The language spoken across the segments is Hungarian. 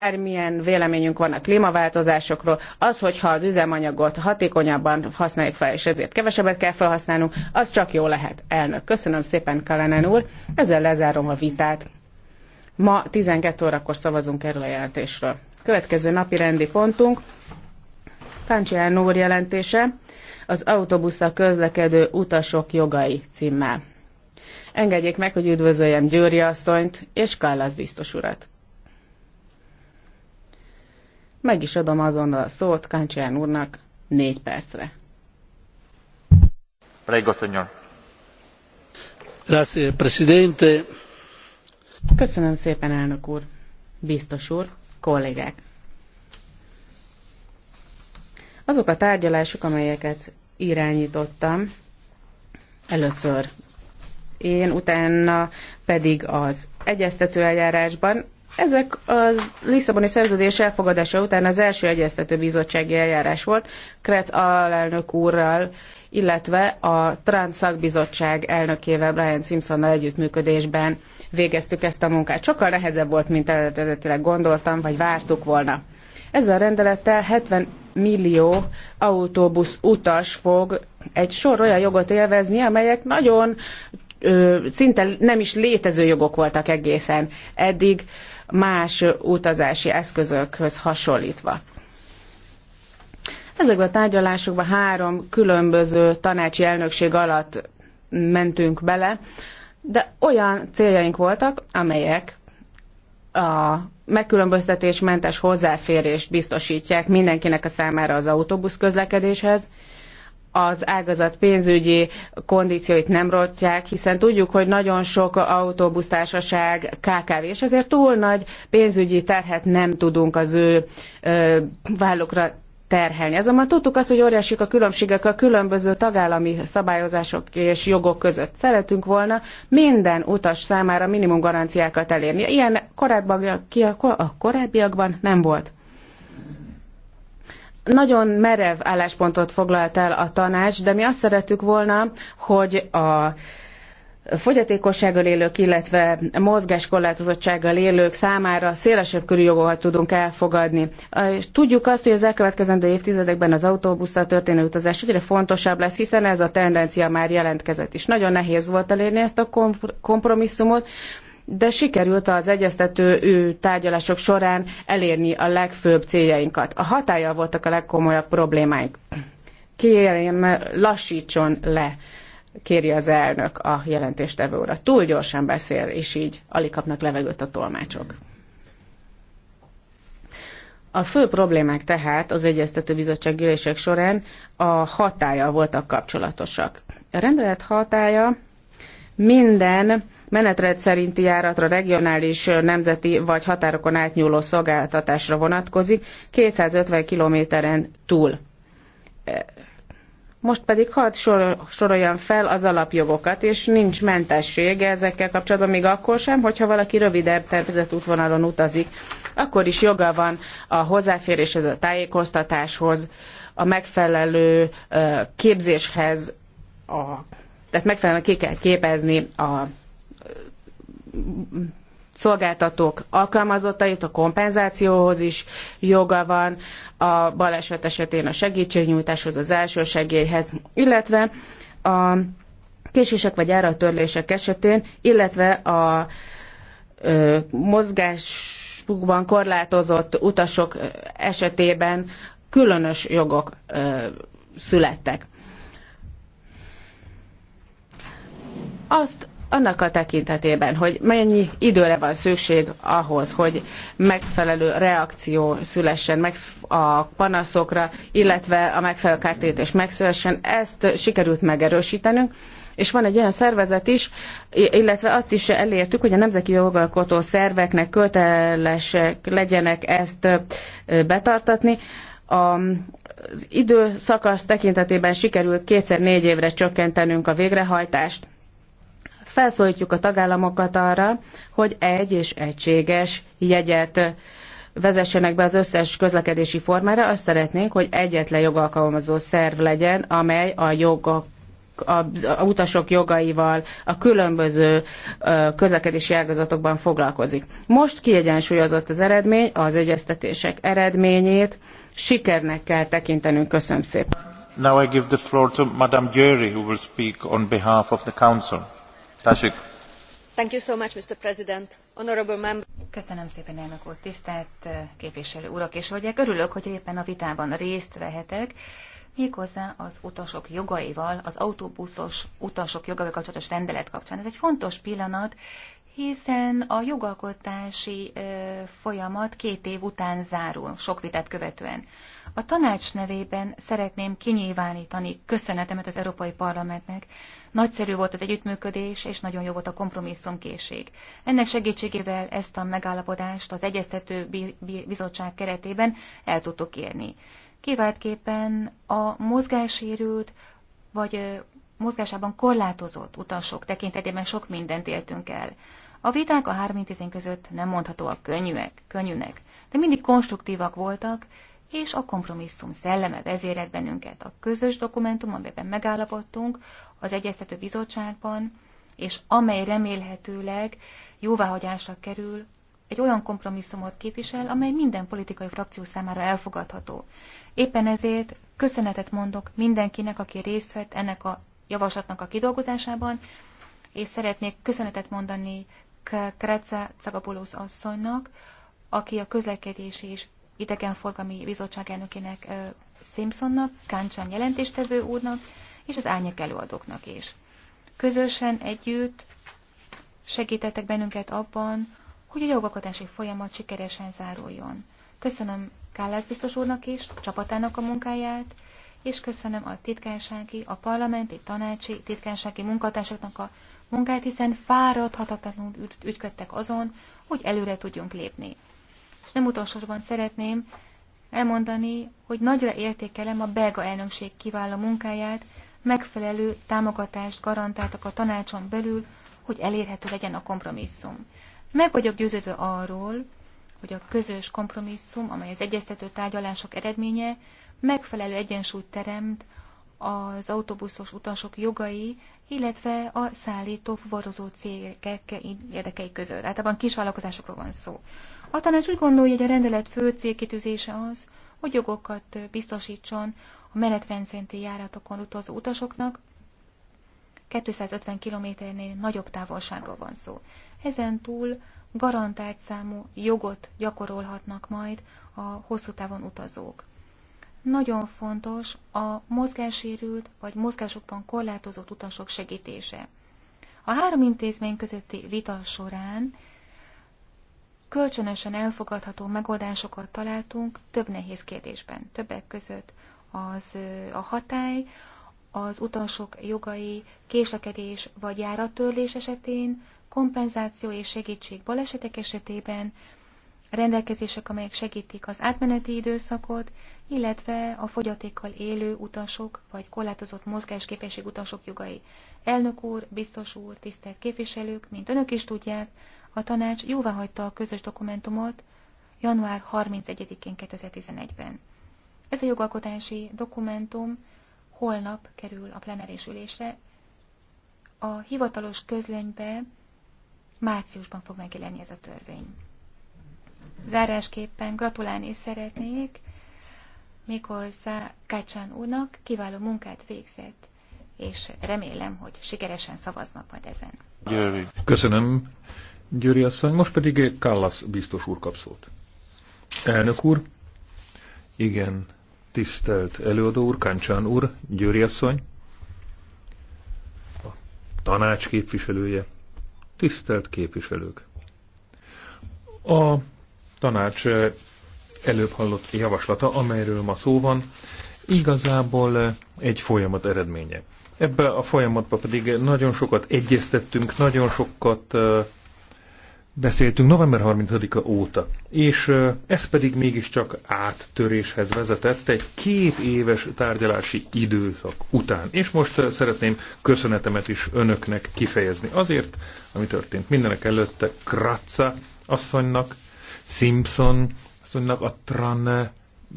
bármilyen véleményünk van a klímaváltozásokról, az, hogyha az üzemanyagot hatékonyabban használjuk fel, és ezért kevesebbet kell felhasználnunk, az csak jó lehet. Elnök, köszönöm szépen, Kalenen úr, ezzel lezárom a vitát. Ma 12 órakor szavazunk erről a jelentésről. Következő napi rendi pontunk, Kancsián úr jelentése, az autóbusza közlekedő utasok jogai címmel. Engedjék meg, hogy üdvözöljem Győri asszonyt és Kallasz biztos urat. Meg is adom azonnal a szót Káncsán úrnak négy percre. Prego, señor. Grazie, presidente. Köszönöm szépen, elnök úr, biztos úr, kollégák. Azok a tárgyalások, amelyeket irányítottam, először én, utána pedig az egyeztető eljárásban ezek az Lisszaboni szerződés elfogadása után az első egyeztető bizottsági eljárás volt, Kretz alelnök úrral, illetve a Transzak bizottság elnökével Brian Simpsonnal együttműködésben végeztük ezt a munkát. Sokkal nehezebb volt, mint eredetileg gondoltam, vagy vártuk volna. Ezzel a rendelettel 70 millió autóbusz utas fog egy sor olyan jogot élvezni, amelyek nagyon ö, szinte nem is létező jogok voltak egészen eddig más utazási eszközökhöz hasonlítva. Ezekben a tárgyalásokban három különböző tanácsi elnökség alatt mentünk bele, de olyan céljaink voltak, amelyek a megkülönböztetésmentes hozzáférést biztosítják mindenkinek a számára az autóbusz közlekedéshez, az ágazat pénzügyi kondícióit nem rontják, hiszen tudjuk, hogy nagyon sok autóbusztársaság KKV, és ezért túl nagy pénzügyi terhet nem tudunk az ő ö, vállukra terhelni. Azonban tudtuk azt, hogy óriásik a különbségek a különböző tagállami szabályozások és jogok között. Szeretünk volna minden utas számára minimum garanciákat elérni. Ilyen korábbiak, a korábbiakban nem volt nagyon merev álláspontot foglalt el a tanács, de mi azt szerettük volna, hogy a fogyatékossággal élők, illetve mozgáskorlátozottsággal élők számára szélesebb körű jogokat tudunk elfogadni. És tudjuk azt, hogy az elkövetkezendő évtizedekben az autóbusszal történő utazás egyre fontosabb lesz, hiszen ez a tendencia már jelentkezett is. Nagyon nehéz volt elérni ezt a kompromisszumot, de sikerült az egyeztető tárgyalások során elérni a legfőbb céljainkat. A hatája voltak a legkomolyabb problémáink. Kérjem, lassítson le, kéri az elnök a jelentéstevő urat. Túl gyorsan beszél, és így alig kapnak levegőt a tolmácsok. A fő problémák tehát az Egyeztető Bizottság ülések során a hatája voltak kapcsolatosak. A rendelet hatája minden menetrend szerinti járatra, regionális, nemzeti vagy határokon átnyúló szolgáltatásra vonatkozik 250 kilométeren túl. E, most pedig hadd sor, soroljam fel az alapjogokat, és nincs mentesség ezekkel kapcsolatban még akkor sem, hogyha valaki rövidebb tervezett útvonalon utazik, akkor is joga van a hozzáféréshez, a tájékoztatáshoz, a megfelelő képzéshez, a, tehát megfelelően ki kell képezni a szolgáltatók alkalmazottait a kompenzációhoz is joga van, a baleset esetén a segítségnyújtáshoz, az első segélyhez, illetve a késések vagy áratörlések esetén, illetve a ö, mozgásukban korlátozott utasok esetében különös jogok ö, születtek. Azt annak a tekintetében, hogy mennyi időre van szükség ahhoz, hogy megfelelő reakció szülessen meg a panaszokra, illetve a megfelelő kártérítés megszülessen, ezt sikerült megerősítenünk és van egy olyan szervezet is, illetve azt is elértük, hogy a nemzeti jogalkotó szerveknek kötelesek legyenek ezt betartatni. Az időszakasz tekintetében sikerült kétszer négy évre csökkentenünk a végrehajtást, felszólítjuk a tagállamokat arra, hogy egy és egységes jegyet vezessenek be az összes közlekedési formára, azt szeretnénk, hogy egyetlen jogalkalmazó szerv legyen, amely a jogok a utasok jogaival a különböző közlekedési ágazatokban foglalkozik. Most kiegyensúlyozott az eredmény, az egyeztetések eredményét sikernek kell tekintenünk. Köszönöm szépen. Now I give the floor to Madame who will speak on behalf of the Council. Köszönöm szépen, elnök úr, tisztelt eh, képviselő urak és hölgyek! Örülök, hogy éppen a vitában részt vehetek, méghozzá az utasok jogaival, az autóbuszos utasok jogaival kapcsolatos rendelet kapcsán. Ez egy fontos pillanat, hiszen a jogalkotási folyamat két év után zárul, sok vitát követően. A tanács nevében szeretném kinyilvánítani köszönetemet az Európai Parlamentnek. Nagyszerű volt az együttműködés, és nagyon jó volt a kompromisszumkészség. Ennek segítségével ezt a megállapodást az Egyeztető Bizottság keretében el tudtuk érni. Kiváltképpen a mozgássérült, vagy mozgásában korlátozott utasok tekintetében sok mindent éltünk el. A viták a három intézmény között nem mondhatóak könnyűek, könnyűnek, de mindig konstruktívak voltak, és a kompromisszum szelleme vezérelt bennünket. A közös dokumentum, amiben megállapodtunk az Egyeztető Bizottságban, és amely remélhetőleg jóváhagyásra kerül, egy olyan kompromisszumot képvisel, amely minden politikai frakció számára elfogadható. Éppen ezért köszönetet mondok mindenkinek, aki részt vett ennek a javaslatnak a kidolgozásában, és szeretnék köszönetet mondani Krece Cagabulusz asszonynak, aki a közlekedési és idegenforgalmi bizottság elnökének Simpsonnak, Káncsán jelentéstevő úrnak, és az árnyék előadóknak is. Közösen együtt segítettek bennünket abban, hogy a jogalkotási folyamat sikeresen záruljon. Köszönöm Kállász biztos úrnak is, csapatának a munkáját, és köszönöm a titkársági, a parlamenti, tanácsi, titkársági munkatársaknak a munkát, hiszen fáradhatatlanul ügy, ügyködtek azon, hogy előre tudjunk lépni. És nem utolsóban szeretném elmondani, hogy nagyra értékelem a belga elnökség kiváló munkáját, megfelelő támogatást garantáltak a tanácson belül, hogy elérhető legyen a kompromisszum. Meg vagyok győződve arról, hogy a közös kompromisszum, amely az egyeztető tárgyalások eredménye, megfelelő egyensúlyt teremt az autóbuszos utasok jogai, illetve a szállító fuvarozó cégek érdekei között. Általában vállalkozásokról van szó. A tanács úgy gondolja, hogy a rendelet fő célkitűzése az, hogy jogokat biztosítson a menetrendszerinti járatokon utazó utasoknak, 250 kilométernél nagyobb távolságról van szó. Ezen túl garantált számú jogot gyakorolhatnak majd a hosszú távon utazók. Nagyon fontos a mozgássérült vagy mozgásokban korlátozott utasok segítése. A három intézmény közötti vita során kölcsönösen elfogadható megoldásokat találtunk több nehéz kérdésben. Többek között az a hatály, az utasok jogai, késlekedés vagy járattörlés esetén, kompenzáció és segítség balesetek esetében, rendelkezések, amelyek segítik az átmeneti időszakot, illetve a fogyatékkal élő utasok vagy korlátozott mozgásképesség utasok jogai. Elnök úr, biztos úr, tisztelt képviselők, mint önök is tudják, a tanács jóváhagyta a közös dokumentumot január 31-én 2011-ben. Ez a jogalkotási dokumentum holnap kerül a plenáris ülésre. A hivatalos közlönybe márciusban fog megjelenni ez a törvény. Zárásképpen gratulálni szeretnék méghozzá Kácsán úrnak kiváló munkát végzett, és remélem, hogy sikeresen szavaznak majd ezen. Győri. Köszönöm, Győri asszony. Most pedig Kallas biztos úr kap szót. Elnök úr, igen, tisztelt előadó úr, Káncsán úr, Győri asszony, a tanács képviselője, tisztelt képviselők. A tanács előbb hallott javaslata, amelyről ma szó van, igazából eh, egy folyamat eredménye. Ebben a folyamatban pedig nagyon sokat egyeztettünk, nagyon sokat eh, beszéltünk november 30-a óta, és eh, ez pedig mégiscsak áttöréshez vezetett egy két éves tárgyalási időszak után. És most szeretném köszönetemet is önöknek kifejezni azért, ami történt mindenek előtte Kratza asszonynak, Simpson asszonynak, a TRAN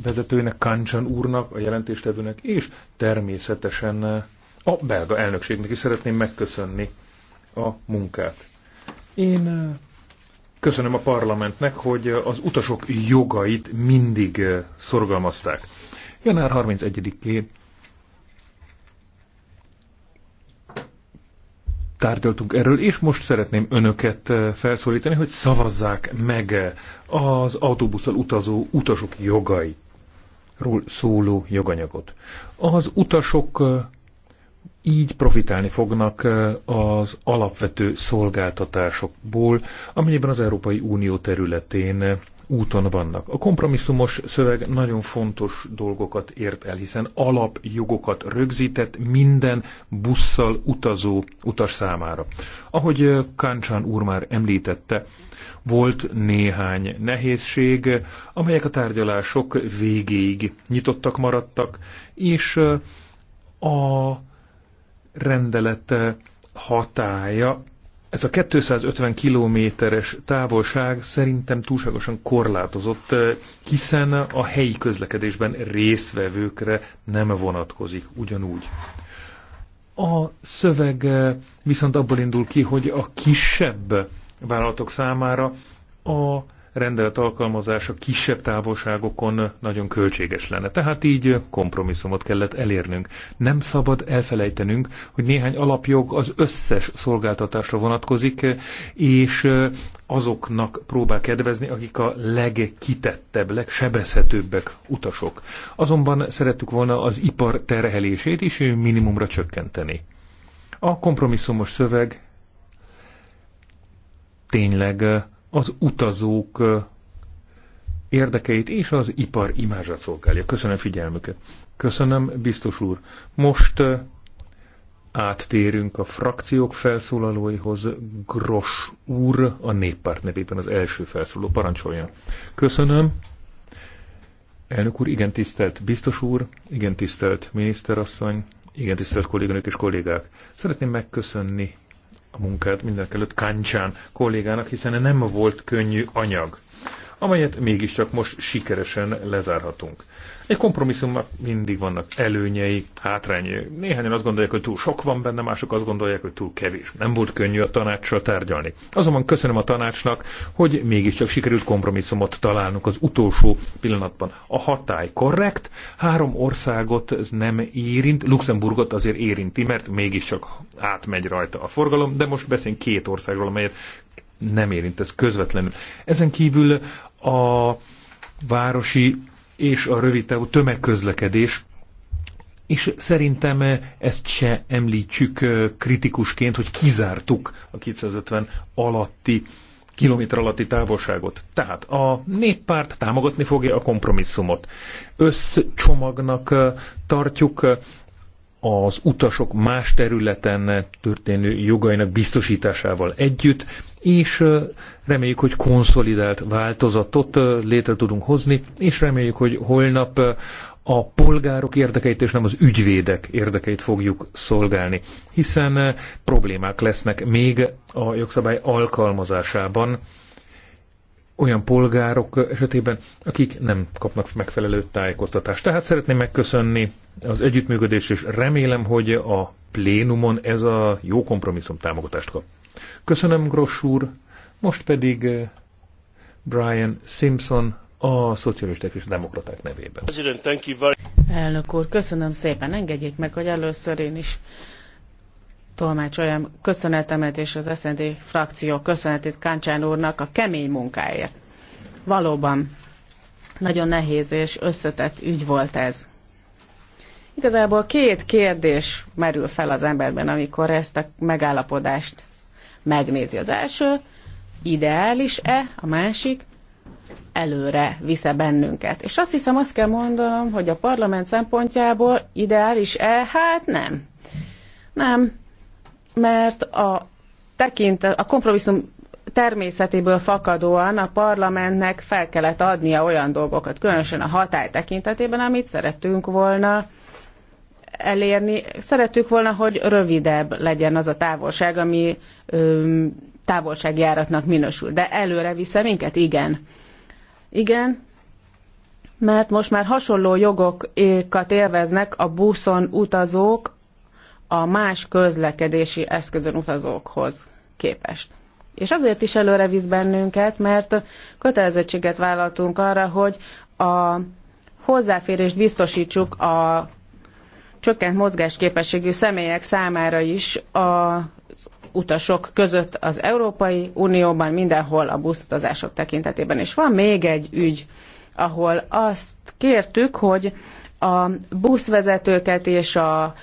vezetőnek, Kancsan úrnak, a jelentéstevőnek, és természetesen a belga elnökségnek is szeretném megköszönni a munkát. Én köszönöm a parlamentnek, hogy az utasok jogait mindig szorgalmazták. Január 31-én tárgyaltunk erről, és most szeretném önöket eh, felszólítani, hogy szavazzák meg eh, az autóbusszal utazó utasok jogairól szóló joganyagot. Az utasok eh, így profitálni fognak az alapvető szolgáltatásokból, amennyiben az Európai Unió területén úton vannak. A kompromisszumos szöveg nagyon fontos dolgokat ért el, hiszen alapjogokat rögzített minden busszal utazó utas számára. Ahogy Káncsán úr már említette, volt néhány nehézség, amelyek a tárgyalások végéig nyitottak maradtak, és a rendelete hatája ez a 250 kilométeres távolság szerintem túlságosan korlátozott, eh, hiszen a helyi közlekedésben résztvevőkre nem vonatkozik ugyanúgy. A szöveg eh, viszont abból indul ki, hogy a kisebb vállalatok számára a rendelet alkalmazása kisebb távolságokon nagyon költséges lenne. Tehát így kompromisszumot kellett elérnünk. Nem szabad elfelejtenünk, hogy néhány alapjog az összes szolgáltatásra vonatkozik, és azoknak próbál kedvezni, akik a legkitettebb, legsebezhetőbbek utasok. Azonban szerettük volna az ipar terhelését is minimumra csökkenteni. A kompromisszumos szöveg tényleg az utazók érdekeit és az ipar imázsát szolgálja. Köszönöm figyelmüket. Köszönöm, biztos úr. Most áttérünk a frakciók felszólalóihoz. Gros úr a néppárt nevében az első felszóló. Parancsoljon. Köszönöm. Elnök úr, igen tisztelt biztos úr, igen tisztelt miniszterasszony, igen tisztelt kolléganők és kollégák. Szeretném megköszönni a munkát mindenkelőtt Kancsán kollégának, hiszen nem volt könnyű anyag amelyet mégiscsak most sikeresen lezárhatunk. Egy kompromisszumnak mindig vannak előnyei, hátrányai. Néhányan azt gondolják, hogy túl sok van benne, mások azt gondolják, hogy túl kevés. Nem volt könnyű a tanácssal tárgyalni. Azonban köszönöm a tanácsnak, hogy mégiscsak sikerült kompromisszumot találnunk az utolsó pillanatban. A hatály korrekt, három országot ez nem érint, Luxemburgot azért érinti, mert mégiscsak átmegy rajta a forgalom, de most beszélünk két országról, amelyet nem érint ez közvetlenül. Ezen kívül a városi és a rövid távú tömegközlekedés és szerintem ezt se említsük kritikusként, hogy kizártuk a 250 alatti kilométer alatti távolságot. Tehát a néppárt támogatni fogja a kompromisszumot. Összcsomagnak tartjuk az utasok más területen történő jogainak biztosításával együtt, és reméljük, hogy konszolidált változatot létre tudunk hozni, és reméljük, hogy holnap a polgárok érdekeit és nem az ügyvédek érdekeit fogjuk szolgálni, hiszen problémák lesznek még a jogszabály alkalmazásában, olyan polgárok esetében, akik nem kapnak megfelelő tájékoztatást. Tehát szeretném megköszönni az együttműködést, és remélem, hogy a plénumon ez a jó kompromisszum támogatást kap. Köszönöm, Gross úr, most pedig eh, Brian Simpson a szocialisták és demokraták nevében. Elnök úr, köszönöm szépen. Engedjék meg, hogy először én is olyan köszönetemet és az SZND frakció köszönetét Káncsán úrnak a kemény munkáért. Valóban nagyon nehéz és összetett ügy volt ez. Igazából két kérdés merül fel az emberben, amikor ezt a megállapodást megnézi. Az első, ideális-e, a másik, előre visze bennünket. És azt hiszem, azt kell mondanom, hogy a parlament szempontjából ideális-e, hát nem. Nem, mert a, tekintet, a kompromisszum természetéből fakadóan a parlamentnek fel kellett adnia olyan dolgokat, különösen a hatály tekintetében, amit szerettünk volna elérni. Szerettük volna, hogy rövidebb legyen az a távolság, ami öm, távolságjáratnak minősül. De előre vissza minket? Igen. Igen, mert most már hasonló jogokat élveznek a buszon utazók, a más közlekedési eszközön utazókhoz képest. És azért is előre visz bennünket, mert kötelezettséget vállaltunk arra, hogy a hozzáférést biztosítsuk a csökkent mozgásképességű személyek számára is a utasok között az Európai Unióban mindenhol a buszutazások tekintetében. És van még egy ügy, ahol azt kértük, hogy a buszvezetőket és a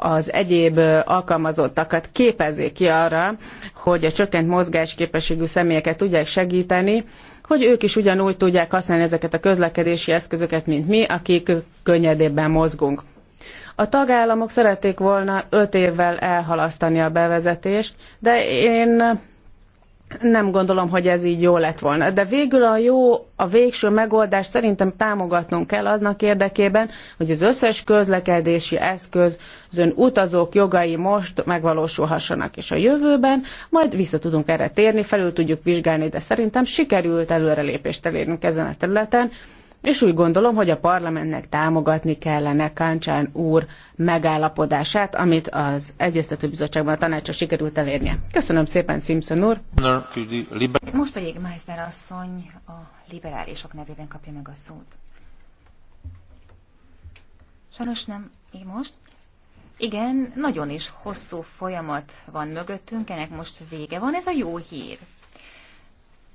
az egyéb alkalmazottakat képezzék ki arra, hogy a csökkent mozgásképességű személyeket tudják segíteni, hogy ők is ugyanúgy tudják használni ezeket a közlekedési eszközöket, mint mi, akik könnyedébben mozgunk. A tagállamok szerették volna öt évvel elhalasztani a bevezetést, de én nem gondolom, hogy ez így jó lett volna. De végül a jó, a végső megoldást szerintem támogatnunk kell annak érdekében, hogy az összes közlekedési eszközön utazók jogai most megvalósulhassanak és a jövőben, majd vissza tudunk erre térni, felül tudjuk vizsgálni, de szerintem sikerült előrelépést elérnünk ezen a területen, és úgy gondolom, hogy a parlamentnek támogatni kellene Káncsán úr megállapodását, amit az Egyeztető Bizottságban a tanácsa sikerült elérnie. Köszönöm szépen, Simpson úr! Most pedig Meissner asszony a liberálisok nevében kapja meg a szót. Sajnos nem, így most. Igen, nagyon is hosszú folyamat van mögöttünk, ennek most vége van, ez a jó hír.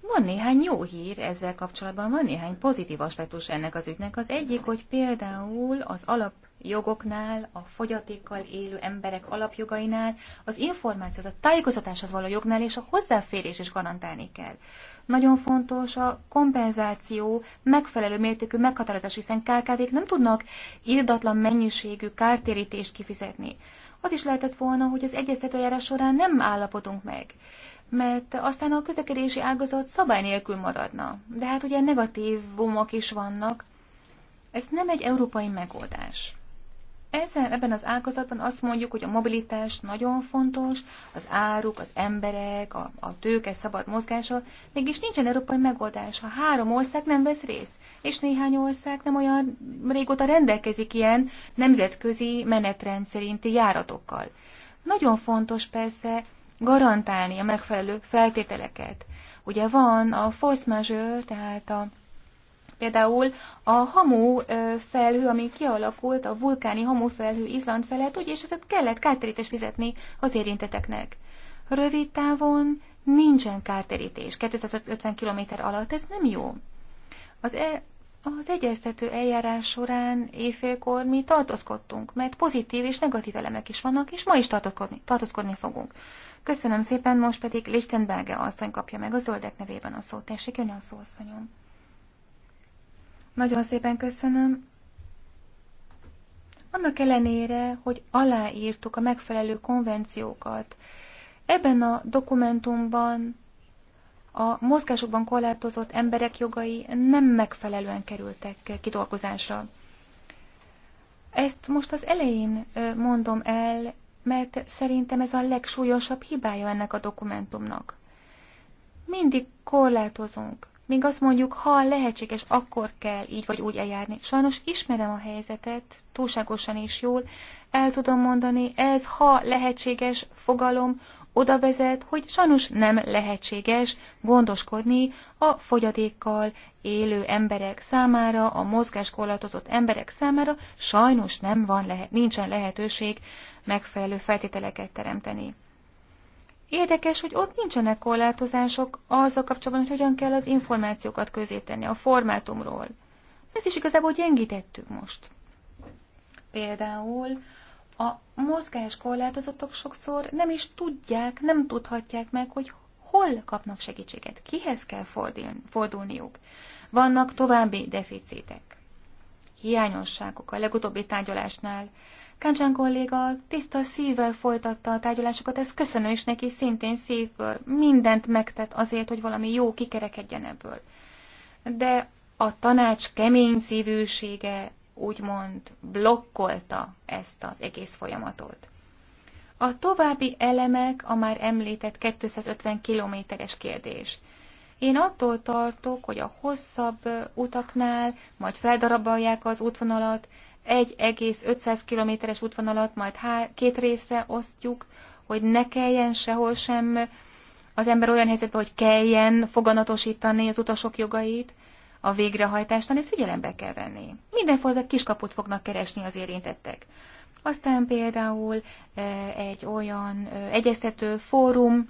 Van néhány jó hír ezzel kapcsolatban, van néhány pozitív aspektus ennek az ügynek. Az egyik, hogy például az alapjogoknál, a fogyatékkal élő emberek alapjogainál, az információhoz, a tájékoztatáshoz való jognál és a hozzáférés is garantálni kell. Nagyon fontos a kompenzáció megfelelő mértékű meghatározás, hiszen KKV-k nem tudnak irdatlan mennyiségű kártérítést kifizetni. Az is lehetett volna, hogy az egyeztetőjárás során nem állapodunk meg mert aztán a közlekedési ágazat szabály nélkül maradna. De hát ugye negatívumok is vannak. Ez nem egy európai megoldás. Ezen, ebben az ágazatban azt mondjuk, hogy a mobilitás nagyon fontos, az áruk, az emberek, a, a tőke szabad mozgása, mégis nincsen európai megoldás, ha három ország nem vesz részt, és néhány ország nem olyan régóta rendelkezik ilyen nemzetközi menetrend szerinti járatokkal. Nagyon fontos persze garantálni a megfelelő feltételeket. Ugye van a force majeure, tehát a, például a hamu felhő, ami kialakult, a vulkáni hamu felhő Izland felett, ugye, és ezt kellett kártérítést fizetni az érinteteknek. Rövid távon nincsen kárterítés, 250 km alatt, ez nem jó. Az, e, az egyeztető eljárás során éjfélkor mi tartózkodtunk, mert pozitív és negatív elemek is vannak, és ma is tartózkodni, tartózkodni fogunk. Köszönöm szépen, most pedig Lichtenberge asszony kapja meg a zöldek nevében a szót. Tessék, jönni a szó, asszonyom. Nagyon szépen köszönöm. Annak ellenére, hogy aláírtuk a megfelelő konvenciókat, ebben a dokumentumban a mozgásokban korlátozott emberek jogai nem megfelelően kerültek kidolgozásra. Ezt most az elején mondom el, mert szerintem ez a legsúlyosabb hibája ennek a dokumentumnak. Mindig korlátozunk. Még azt mondjuk, ha lehetséges, akkor kell így vagy úgy eljárni. Sajnos ismerem a helyzetet, túlságosan is jól. El tudom mondani, ez ha lehetséges fogalom oda vezet, hogy sajnos nem lehetséges gondoskodni a fogyatékkal élő emberek számára, a mozgáskorlátozott emberek számára, sajnos nem van lehet, nincsen lehetőség megfelelő feltételeket teremteni. Érdekes, hogy ott nincsenek korlátozások azzal kapcsolatban, hogy hogyan kell az információkat tenni a formátumról. Ez is igazából gyengítettük most. Például a mozgás korlátozottak sokszor nem is tudják, nem tudhatják meg, hogy hol kapnak segítséget, kihez kell fordulniuk. Vannak további deficitek, hiányosságok a legutóbbi tárgyalásnál. Kancsán kolléga tiszta szívvel folytatta a tárgyalásokat, ez köszönő is neki szintén szívből. Mindent megtett azért, hogy valami jó kikerekedjen ebből. De a tanács kemény szívűsége úgymond blokkolta ezt az egész folyamatot. A további elemek a már említett 250 kilométeres kérdés. Én attól tartok, hogy a hosszabb utaknál majd feldarabolják az útvonalat, 1,500 kilométeres útvonalat majd két részre osztjuk, hogy ne kelljen sehol sem az ember olyan helyzetben, hogy kelljen foganatosítani az utasok jogait a végrehajtásnál ezt figyelembe kell venni. Mindenfajta kiskaput fognak keresni az érintettek. Aztán például e, egy olyan e, egyeztető fórum,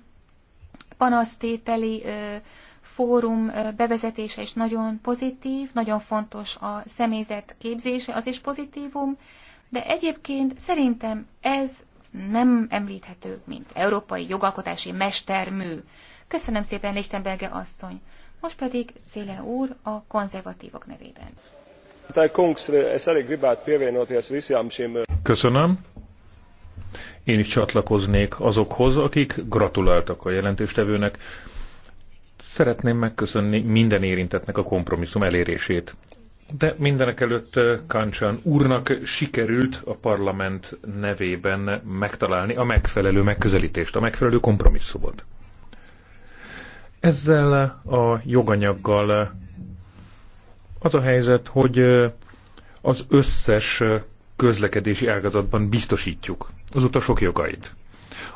panasztételi e, fórum bevezetése is nagyon pozitív, nagyon fontos a személyzet képzése, az is pozitívum, de egyébként szerintem ez nem említhető, mint európai jogalkotási mestermű. Köszönöm szépen, Lichtenberge asszony! Most pedig Széle úr a konzervatívok nevében. Eh, Köszönöm. Én is csatlakoznék azokhoz, akik gratuláltak a jelentéstevőnek. Szeretném megköszönni minden érintetnek a kompromisszum elérését. De mindenek előtt eh, Kancsán úrnak sikerült a parlament nevében megtalálni a megfelelő megközelítést, a megfelelő kompromisszumot. Ezzel a joganyaggal az a helyzet, hogy az összes közlekedési ágazatban biztosítjuk az utasok jogait.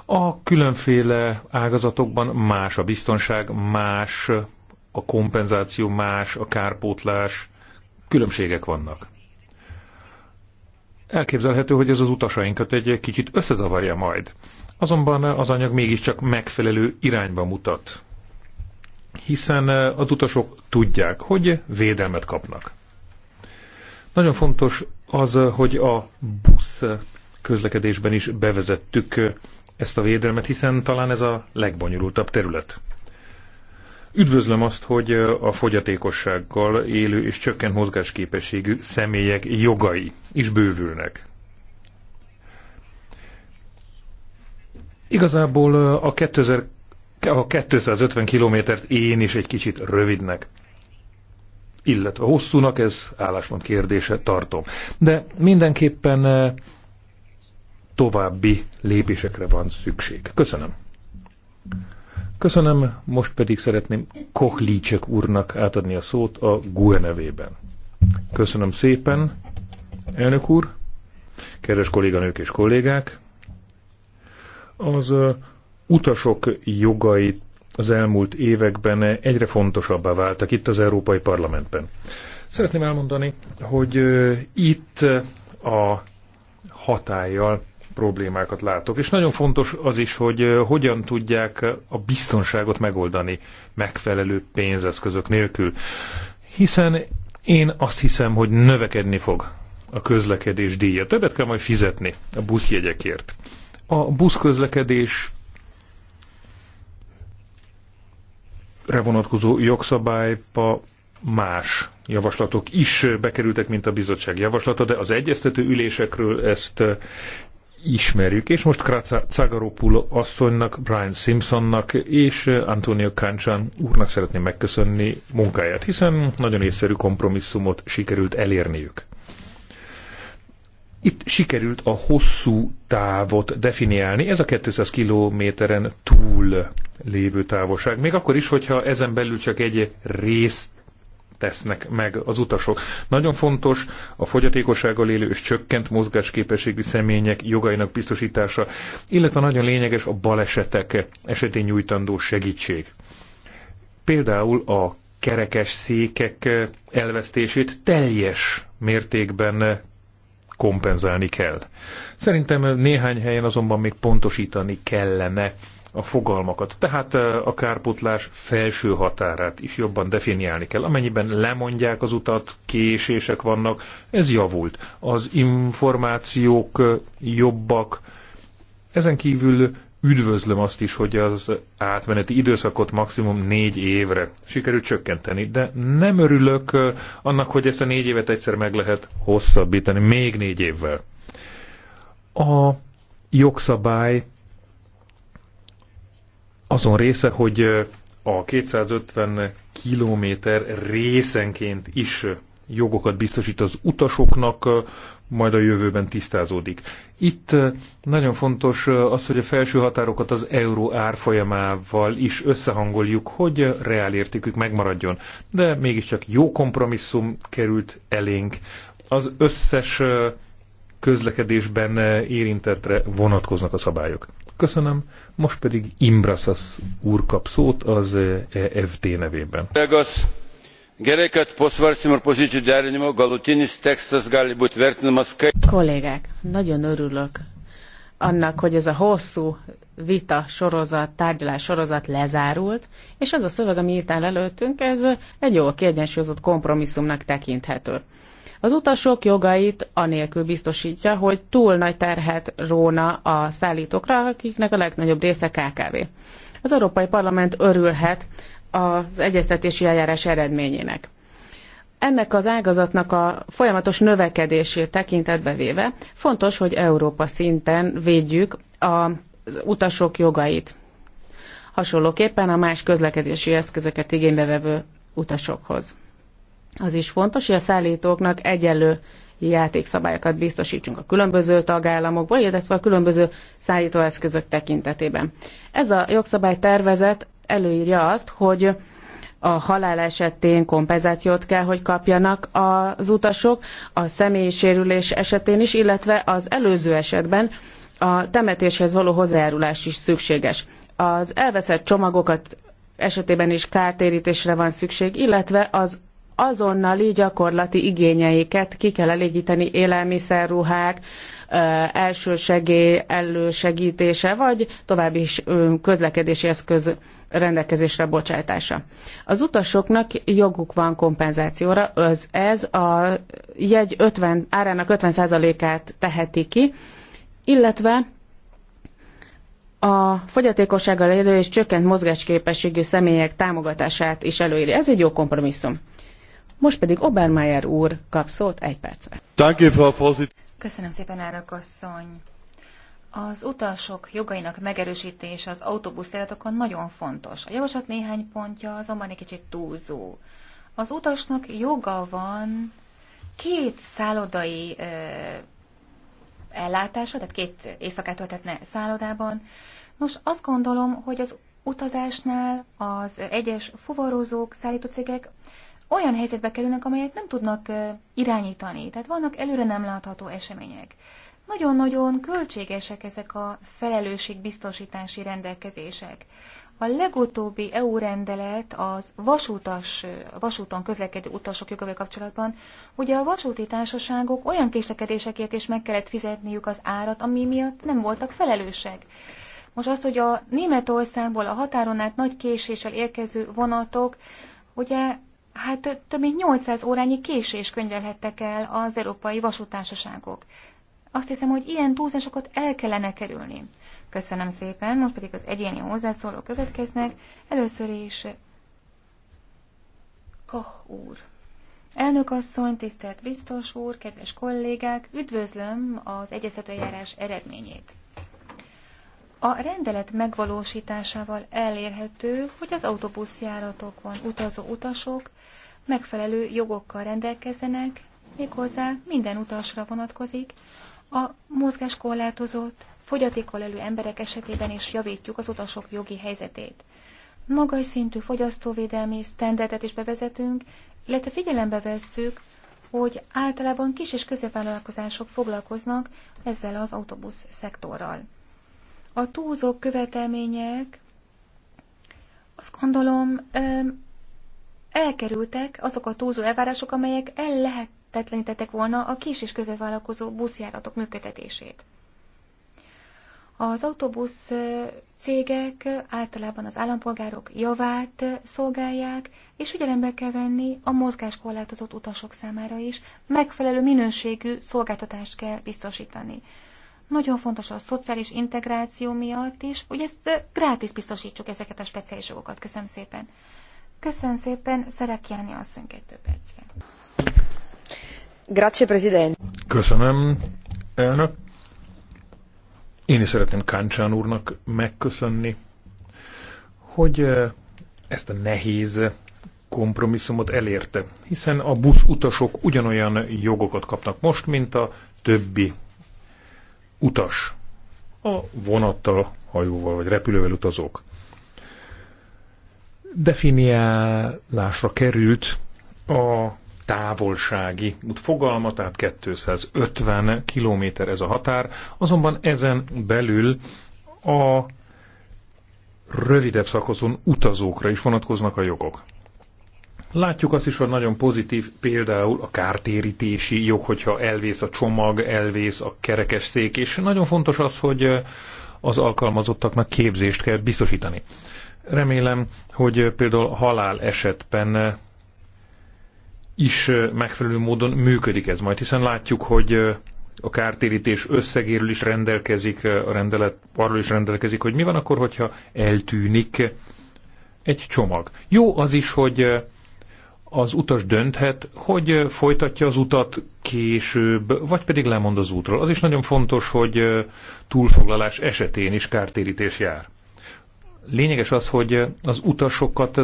A különféle ágazatokban más a biztonság, más a kompenzáció, más a kárpótlás, különbségek vannak. Elképzelhető, hogy ez az utasainkat egy kicsit összezavarja majd. Azonban az anyag mégiscsak megfelelő irányba mutat hiszen az utasok tudják, hogy védelmet kapnak. Nagyon fontos az, hogy a busz közlekedésben is bevezettük ezt a védelmet, hiszen talán ez a legbonyolultabb terület. Üdvözlöm azt, hogy a fogyatékossággal élő és csökkent mozgásképességű személyek jogai is bővülnek. Igazából a 2000 a 250 kilométert én is egy kicsit rövidnek illetve hosszúnak, ez álláspont kérdése tartom. De mindenképpen eh, további lépésekre van szükség. Köszönöm. Köszönöm, most pedig szeretném Kohlícsek úrnak átadni a szót a GUE nevében. Köszönöm szépen, elnök úr, kedves kolléganők és kollégák. Az eh, utasok jogait az elmúlt években egyre fontosabbá váltak itt az Európai Parlamentben. Szeretném elmondani, hogy itt a hatállyal problémákat látok. És nagyon fontos az is, hogy hogyan tudják a biztonságot megoldani megfelelő pénzeszközök nélkül. Hiszen én azt hiszem, hogy növekedni fog a közlekedés díja. Többet kell majd fizetni a buszjegyekért. A buszközlekedés vonatkozó jogszabályba más javaslatok is bekerültek, mint a bizottság javaslata, de az egyeztető ülésekről ezt eh, ismerjük, és most Kráca Cagaropulo asszonynak, Brian Simpsonnak és eh, Antonio Kancsán úrnak szeretném megköszönni munkáját, hiszen nagyon észszerű kompromisszumot sikerült elérniük. Itt sikerült a hosszú távot definiálni, ez a 200 kilométeren túl lévő távolság. Még akkor is, hogyha ezen belül csak egy részt tesznek meg az utasok. Nagyon fontos a fogyatékossággal élő és csökkent mozgásképességű személyek jogainak biztosítása, illetve nagyon lényeges a balesetek esetén nyújtandó segítség. Például a kerekes székek elvesztését teljes mértékben kompenzálni kell. Szerintem néhány helyen azonban még pontosítani kellene a fogalmakat. Tehát eh, a kárpótlás felső határát is jobban definiálni kell. Amennyiben lemondják az utat, késések vannak, ez javult. Az információk eh, jobbak, ezen kívül üdvözlöm azt is, hogy az átmeneti időszakot maximum négy évre sikerült csökkenteni, de nem örülök annak, hogy ezt a négy évet egyszer meg lehet hosszabbítani, még négy évvel. A jogszabály azon része, hogy a 250 kilométer részenként is jogokat biztosít az utasoknak, majd a jövőben tisztázódik. Itt nagyon fontos az, hogy a felső határokat az euró árfolyamával is összehangoljuk, hogy reálértékük megmaradjon. De mégiscsak jó kompromisszum került elénk. Az összes közlekedésben érintetre vonatkoznak a szabályok. Köszönöm. Most pedig Imbrasas úr kap szót az EFT nevében. Legasz gerai kad po svarstymo ir pozicijų derinimo galutinis tekstas gali būti vertinamas kaip. Kollégák, nagyon örülök annak, hogy ez a hosszú vita sorozat, tárgyalás sorozat lezárult, és az a szöveg, ami itt áll előttünk, ez egy jól kiegyensúlyozott kompromisszumnak tekinthető. Az utasok jogait anélkül biztosítja, hogy túl nagy terhet róna a szállítókra, akiknek a legnagyobb része KKV. Az Európai Parlament örülhet az egyeztetési eljárás eredményének. Ennek az ágazatnak a folyamatos növekedését tekintetbe véve fontos, hogy Európa szinten védjük az utasok jogait. Hasonlóképpen a más közlekedési eszközeket igénybe vevő utasokhoz. Az is fontos, hogy a szállítóknak egyenlő játékszabályokat biztosítsunk a különböző tagállamokból, illetve a különböző szállítóeszközök tekintetében. Ez a jogszabálytervezet előírja azt, hogy a halál esetén kompenzációt kell, hogy kapjanak az utasok, a személyi sérülés esetén is, illetve az előző esetben a temetéshez való hozzájárulás is szükséges. Az elveszett csomagokat esetében is kártérítésre van szükség, illetve az azonnali gyakorlati igényeiket ki kell elégíteni élelmiszerruhák, elsősegély elősegítése, vagy további közlekedési eszköz rendelkezésre bocsátása. Az utasoknak joguk van kompenzációra, az ez a jegy 50, árának 50%-át teheti ki, illetve a fogyatékossággal élő és csökkent mozgásképességű személyek támogatását is előírja. Ez egy jó kompromisszum. Most pedig Obermeier úr kap szót egy percre. Köszönöm szépen, elnök asszony! Az utasok jogainak megerősítése az autóbuszjáratokon nagyon fontos. A javaslat néhány pontja azonban egy kicsit túlzó. Az utasnak joga van két szállodai ö, ellátása, tehát két éjszakát töltetne szállodában. Nos, azt gondolom, hogy az utazásnál az egyes fuvarozók, szállítócégek olyan helyzetbe kerülnek, amelyet nem tudnak irányítani. Tehát vannak előre nem látható események. Nagyon-nagyon költségesek ezek a felelősségbiztosítási rendelkezések. A legutóbbi EU rendelet az vasutas, vasúton közlekedő utasok jogai kapcsolatban, ugye a vasúti társaságok olyan késlekedésekért is meg kellett fizetniük az árat, ami miatt nem voltak felelősek. Most az, hogy a Németországból a határon át nagy késéssel érkező vonatok, ugye hát több mint 800 órányi késés könyvelhettek el az európai vasútársaságok. Azt hiszem, hogy ilyen túlzásokat el kellene kerülni. Köszönöm szépen, most pedig az egyéni hozzászóló következnek. Először is Koch úr. Elnök asszony, tisztelt biztos úr, kedves kollégák, üdvözlöm az egyeztetőjárás eredményét. A rendelet megvalósításával elérhető, hogy az autóbuszjáratokon utazó utasok megfelelő jogokkal rendelkezzenek, méghozzá minden utasra vonatkozik, a mozgáskorlátozott, fogyatékkal elő emberek esetében is javítjuk az utasok jogi helyzetét. Magas szintű fogyasztóvédelmi sztenderdet is bevezetünk, illetve figyelembe vesszük, hogy általában kis és középvállalkozások foglalkoznak ezzel az autóbusz szektorral. A túlzó követelmények, azt gondolom, elkerültek azok a túlzó elvárások, amelyek el lehet, lehetetlenítettek volna a kis és középvállalkozó buszjáratok működtetését. Az autóbusz cégek általában az állampolgárok javát szolgálják, és figyelembe kell venni a mozgáskorlátozott utasok számára is, megfelelő minőségű szolgáltatást kell biztosítani. Nagyon fontos a szociális integráció miatt is, hogy ezt grátis biztosítsuk ezeket a speciális jogokat. Köszönöm szépen. Köszönöm szépen, Szerek Jáni asszony kettő percre. Köszönöm, elnök. Én is szeretném Káncsán úrnak megköszönni, hogy eh, ezt a nehéz kompromisszumot elérte, hiszen a buszutasok ugyanolyan jogokat kapnak most, mint a többi utas, a vonattal, hajóval vagy repülővel utazók. Definiálásra került a távolsági fogalma, tehát 250 km ez a határ, azonban ezen belül a rövidebb szakaszon utazókra is vonatkoznak a jogok. Látjuk azt is, hogy nagyon pozitív például a kártérítési jog, hogyha elvész a csomag, elvész a kerekesszék, és nagyon fontos az, hogy az alkalmazottaknak képzést kell biztosítani. Remélem, hogy például halál esetben is megfelelő módon működik ez majd, hiszen látjuk, hogy a kártérítés összegéről is rendelkezik, a rendelet arról is rendelkezik, hogy mi van akkor, hogyha eltűnik egy csomag. Jó az is, hogy az utas dönthet, hogy folytatja az utat később, vagy pedig lemond az útról. Az is nagyon fontos, hogy túlfoglalás esetén is kártérítés jár. Lényeges az, hogy az utasokat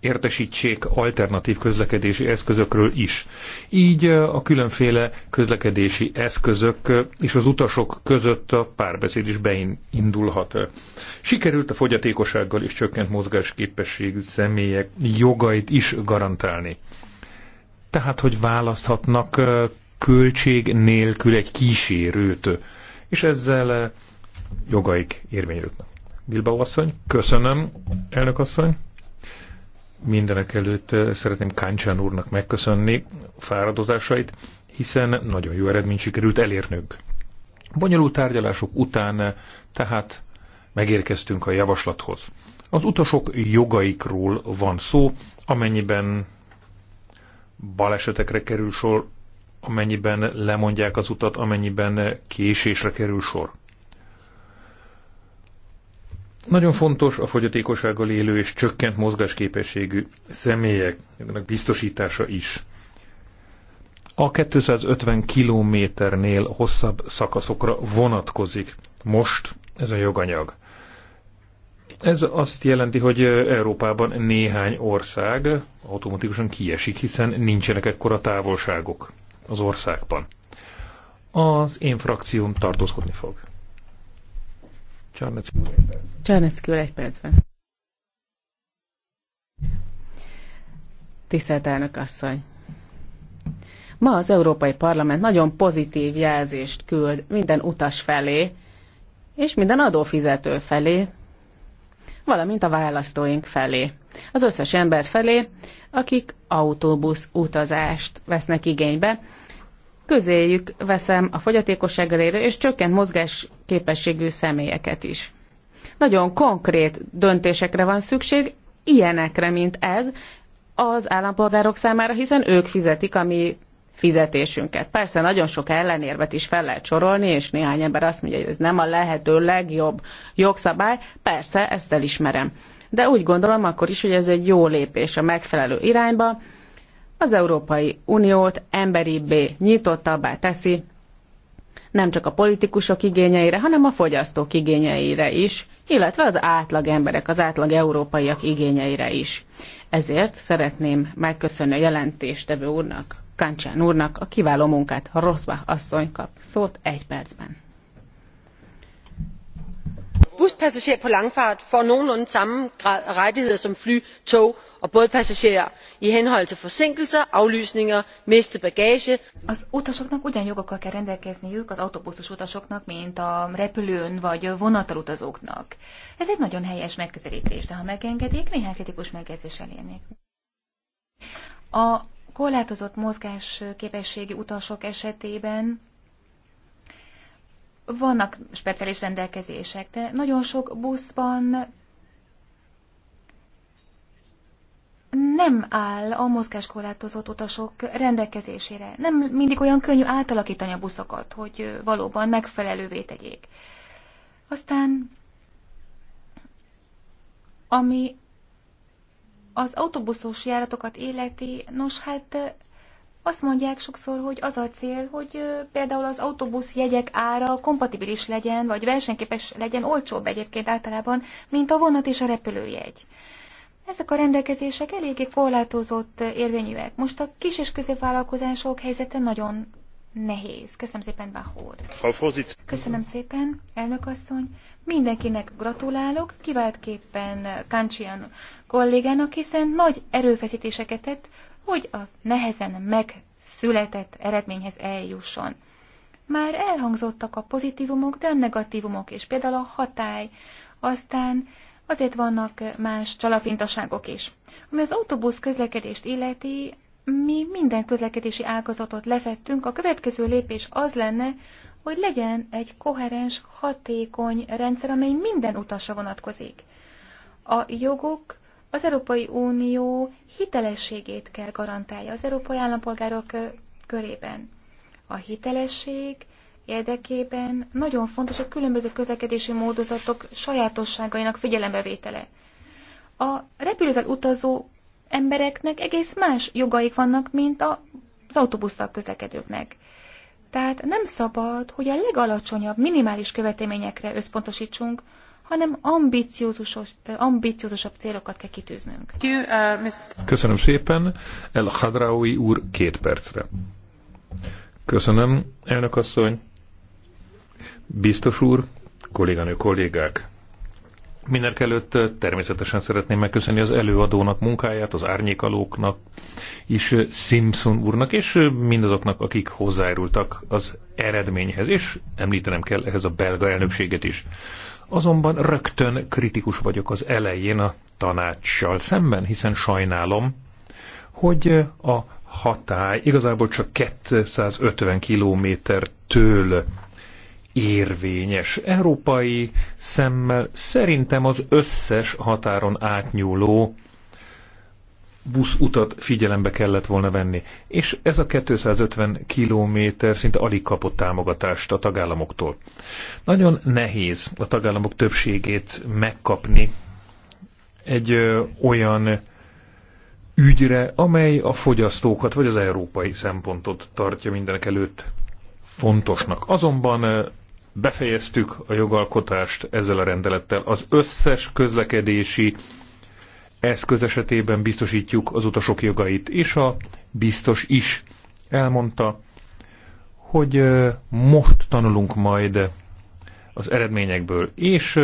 értesítsék alternatív közlekedési eszközökről is. Így a különféle közlekedési eszközök és az utasok között a párbeszéd is beindulhat. Sikerült a fogyatékossággal és csökkent mozgásképességű személyek jogait is garantálni. Tehát, hogy választhatnak költség nélkül egy kísérőt, és ezzel jogaik érvényre jutnak. Bilbao asszony, köszönöm, elnök asszony. Mindenek előtt szeretném Káncsán úrnak megköszönni fáradozásait, hiszen nagyon jó eredményt sikerült elérnünk. Bonyolult tárgyalások után tehát megérkeztünk a javaslathoz. Az utasok jogaikról van szó, amennyiben balesetekre kerül sor, amennyiben lemondják az utat, amennyiben késésre kerül sor. Nagyon fontos a fogyatékossággal élő és csökkent mozgásképességű személyeknek biztosítása is. A 250 kilométernél hosszabb szakaszokra vonatkozik most ez a joganyag. Ez azt jelenti, hogy Európában néhány ország automatikusan kiesik, hiszen nincsenek ekkora távolságok az országban. Az én frakcióm tartózkodni fog. Csarnecki úr egy percben. Csarnecki úr egy percben. Tisztelt elnök asszony! Ma az Európai Parlament nagyon pozitív jelzést küld minden utas felé, és minden adófizető felé, valamint a választóink felé. Az összes ember felé, akik autóbusz utazást vesznek igénybe, közéjük veszem a fogyatékosság élő és csökkent mozgásképességű személyeket is. Nagyon konkrét döntésekre van szükség, ilyenekre, mint ez, az állampolgárok számára, hiszen ők fizetik a mi fizetésünket. Persze nagyon sok ellenérvet is fel lehet sorolni, és néhány ember azt mondja, hogy ez nem a lehető legjobb jogszabály. Persze, ezt elismerem. De úgy gondolom akkor is, hogy ez egy jó lépés a megfelelő irányba, az Európai Uniót emberibbé, nyitottabbá teszi, nem csak a politikusok igényeire, hanem a fogyasztók igényeire is, illetve az átlag emberek, az átlag európaiak igényeire is. Ezért szeretném megköszönni a jelentéstevő úrnak, Kancsán úrnak a kiváló munkát, ha Rosszbach asszony kap szót egy percben buspassagerer på langfart får nogenlunde samme rettigheder som fly tog og bådpassagerer i henhold til forsinkelser aflysninger mistet bagage. az utasoknak ugyan jogokkal kell rendelkezniük az autóbuszos utasoknak mint a repülőn vagy vonattal utazóknak. ez egy nagyon helyes megközelítés de ha megengedik néhány kritikus megjegyzéssel élnék. a korlátozott mozgásképességű utasok esetében vannak speciális rendelkezések, de nagyon sok buszban nem áll a mozgáskorlátozott utasok rendelkezésére. Nem mindig olyan könnyű átalakítani a buszokat, hogy valóban megfelelővé tegyék. Aztán, ami az autóbuszos járatokat életi, nos hát azt mondják sokszor, hogy az a cél, hogy például az autóbusz jegyek ára kompatibilis legyen, vagy versenyképes legyen, olcsóbb egyébként általában, mint a vonat és a repülőjegy. Ezek a rendelkezések eléggé korlátozott érvényűek. Most a kis és középvállalkozások helyzete nagyon nehéz. Köszönöm szépen, Bahór. Köszönöm szépen, elnök asszony. Mindenkinek gratulálok, kiváltképpen Kancsian kollégának, hiszen nagy erőfeszítéseket tett hogy az nehezen megszületett eredményhez eljusson. Már elhangzottak a pozitívumok, de a negatívumok és például a hatály, aztán azért vannak más csalafintaságok is. Ami az autóbusz közlekedést illeti, mi minden közlekedési ágazatot lefettünk, a következő lépés az lenne, hogy legyen egy koherens, hatékony rendszer, amely minden utasra vonatkozik. A jogok az Európai Unió hitelességét kell garantálja az európai állampolgárok körében. A hitelesség érdekében nagyon fontos a különböző közlekedési módozatok sajátosságainak figyelembevétele. A repülővel utazó embereknek egész más jogaik vannak, mint az autóbusszal közlekedőknek. Tehát nem szabad, hogy a legalacsonyabb, minimális követelményekre összpontosítsunk, hanem ambiciózusos, ambiciózusabb célokat kell kitűznünk. Uh, Köszönöm szépen. El Hadraui úr két percre. Köszönöm, elnök asszony. Biztos úr, kolléganő kollégák. Mindenek előtt természetesen szeretném megköszönni az előadónak munkáját, az árnyékalóknak, és Simpson úrnak, és mindazoknak, akik hozzájárultak az eredményhez, és említenem kell ehhez a belga elnökséget is. Azonban rögtön kritikus vagyok az elején a tanácssal szemben, hiszen sajnálom, hogy a hatály igazából csak 250 kilométertől érvényes. Európai szemmel szerintem az összes határon átnyúló buszutat figyelembe kellett volna venni. És ez a 250 kilométer szinte alig kapott támogatást a tagállamoktól. Nagyon nehéz a tagállamok többségét megkapni egy ö, olyan ügyre, amely a fogyasztókat vagy az európai szempontot tartja mindenek előtt fontosnak. Azonban ö, befejeztük a jogalkotást ezzel a rendelettel. Az összes közlekedési eszköz esetében biztosítjuk az utasok jogait. És a biztos is elmondta, hogy most tanulunk majd az eredményekből, és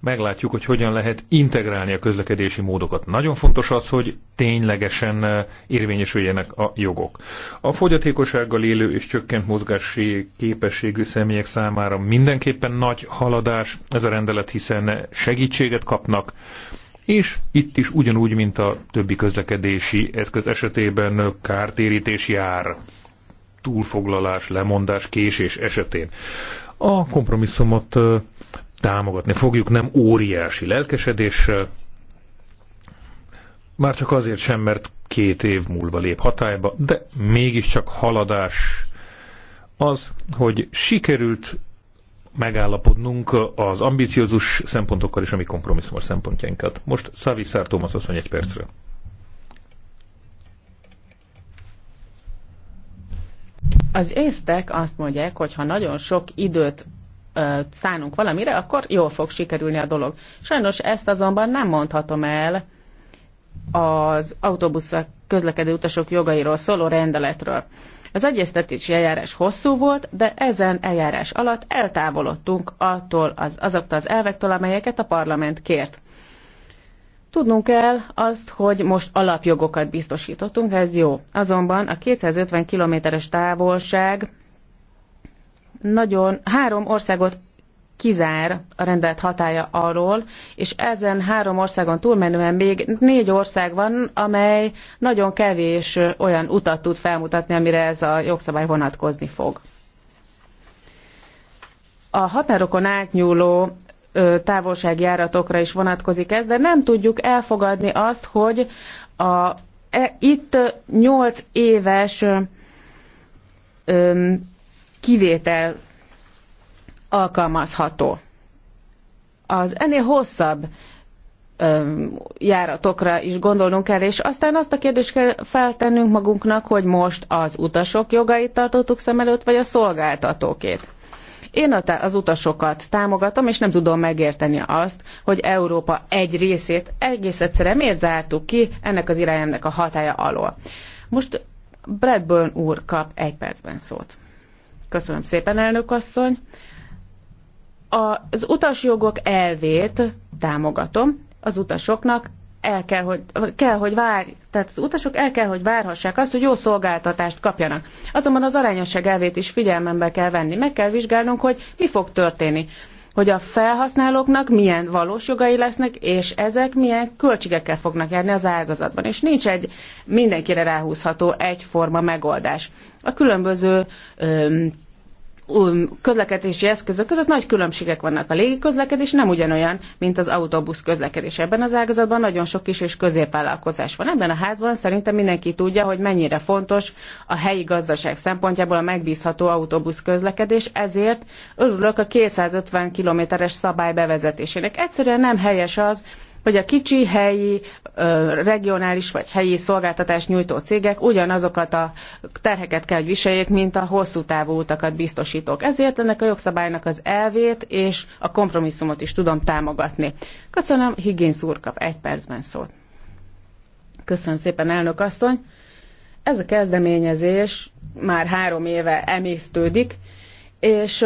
meglátjuk, hogy hogyan lehet integrálni a közlekedési módokat. Nagyon fontos az, hogy ténylegesen érvényesüljenek a jogok. A fogyatékossággal élő és csökkent mozgási képességű személyek számára mindenképpen nagy haladás ez a rendelet, hiszen segítséget kapnak, és itt is ugyanúgy, mint a többi közlekedési eszköz esetében kártérítés jár, túlfoglalás, lemondás, késés esetén. A kompromisszumot támogatni fogjuk, nem óriási lelkesedéssel, már csak azért sem, mert két év múlva lép hatályba, de mégiscsak haladás az, hogy sikerült megállapodnunk az ambiciózus szempontokkal és a mi kompromisszumos szempontjainkat. Most Szavi Szár Tómasz asszony egy percre. Az észtek azt mondják, hogy ha nagyon sok időt szánunk valamire, akkor jól fog sikerülni a dolog. Sajnos ezt azonban nem mondhatom el az autóbusz közlekedő utasok jogairól szóló rendeletről. Az egyeztetési eljárás hosszú volt, de ezen eljárás alatt eltávolodtunk attól az, azoktól az elvektől, amelyeket a parlament kért. Tudnunk kell azt, hogy most alapjogokat biztosítottunk, ez jó. Azonban a 250 kilométeres távolság nagyon három országot kizár a rendelet hatája alól, és ezen három országon túlmenően még négy ország van, amely nagyon kevés olyan utat tud felmutatni, amire ez a jogszabály vonatkozni fog. A határokon átnyúló távolságjáratokra is vonatkozik ez, de nem tudjuk elfogadni azt, hogy a, e, itt 8 éves kivétel alkalmazható. Az ennél hosszabb járatokra is gondolnunk kell, és aztán azt a kérdést kell feltennünk magunknak, hogy most az utasok jogait tartottuk szem előtt, vagy a szolgáltatókét. Én az utasokat támogatom, és nem tudom megérteni azt, hogy Európa egy részét egész egyszerűen miért zártuk ki ennek az irányának a hatája alól. Most Bradburn úr kap egy percben szót. Köszönöm szépen, elnök asszony az utasjogok elvét támogatom, az utasoknak el kell, hogy, kell, hogy várj, tehát az utasok el kell, hogy várhassák azt, hogy jó szolgáltatást kapjanak. Azonban az arányosság elvét is figyelmembe kell venni. Meg kell vizsgálnunk, hogy mi fog történni hogy a felhasználóknak milyen valós jogai lesznek, és ezek milyen költségekkel fognak járni az ágazatban. És nincs egy mindenkire ráhúzható egyforma megoldás. A különböző öm, Um, közlekedési eszközök között nagy különbségek vannak. A közlekedés nem ugyanolyan, mint az autóbusz közlekedés. Ebben az ágazatban nagyon sok kis és középvállalkozás van. Ebben a házban szerintem mindenki tudja, hogy mennyire fontos a helyi gazdaság szempontjából a megbízható autóbusz közlekedés, ezért örülök a 250 kilométeres szabály bevezetésének. Egyszerűen nem helyes az, hogy a kicsi helyi regionális vagy helyi szolgáltatást nyújtó cégek ugyanazokat a terheket kell, hogy viseljék, mint a hosszú távú utakat biztosítók. Ezért ennek a jogszabálynak az elvét és a kompromisszumot is tudom támogatni. Köszönöm, Higgins úr kap egy percben szót. Köszönöm szépen, elnök asszony. Ez a kezdeményezés már három éve emésztődik, és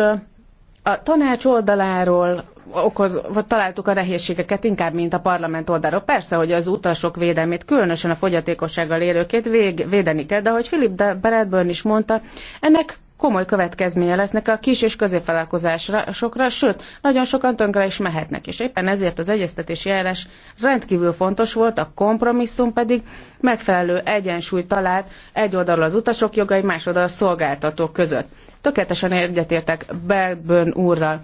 a tanács oldaláról okoz, vagy találtuk a nehézségeket inkább, mint a parlament oldalról. Persze, hogy az utasok védelmét, különösen a fogyatékossággal élőkét vég, védeni kell, de ahogy Philip de Bradburn is mondta, ennek komoly következménye lesznek a kis és középvállalkozásokra, sőt, nagyon sokan tönkre is mehetnek, és éppen ezért az egyeztetési eljárás rendkívül fontos volt, a kompromisszum pedig megfelelő egyensúly talált egy oldalról az utasok jogai, más a szolgáltatók között. Tökéletesen egyetértek Belbön úrral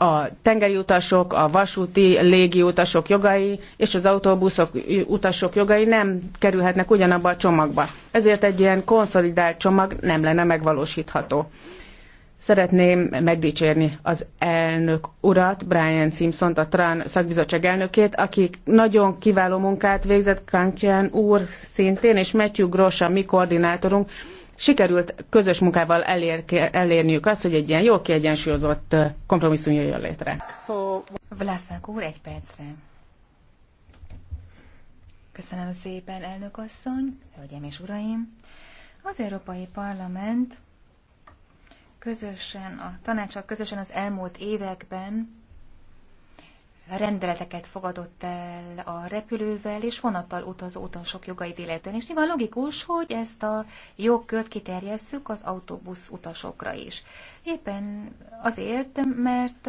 a tengeri utasok, a vasúti, légi utasok jogai és az autóbuszok utasok jogai nem kerülhetnek ugyanabba a csomagba. Ezért egy ilyen konszolidált csomag nem lenne megvalósítható. Szeretném megdicsérni az elnök urat, Brian Simpson, a TRAN szakbizottság elnökét, akik nagyon kiváló munkát végzett, Kankján úr szintén, és Matthew Gross, a mi koordinátorunk, sikerült közös munkával elér, elérniük azt, hogy egy ilyen jó kiegyensúlyozott kompromisszum jöjjön létre. Vlaszak úr, egy percre. Köszönöm szépen, elnök asszony, hölgyeim és uraim! Az Európai Parlament közösen, a tanácsak közösen az elmúlt években rendeleteket fogadott el a repülővel és vonattal utazó utasok jogait illetően. És nyilván logikus, hogy ezt a jogkört kiterjesszük az autóbusz utasokra is. Éppen azért, mert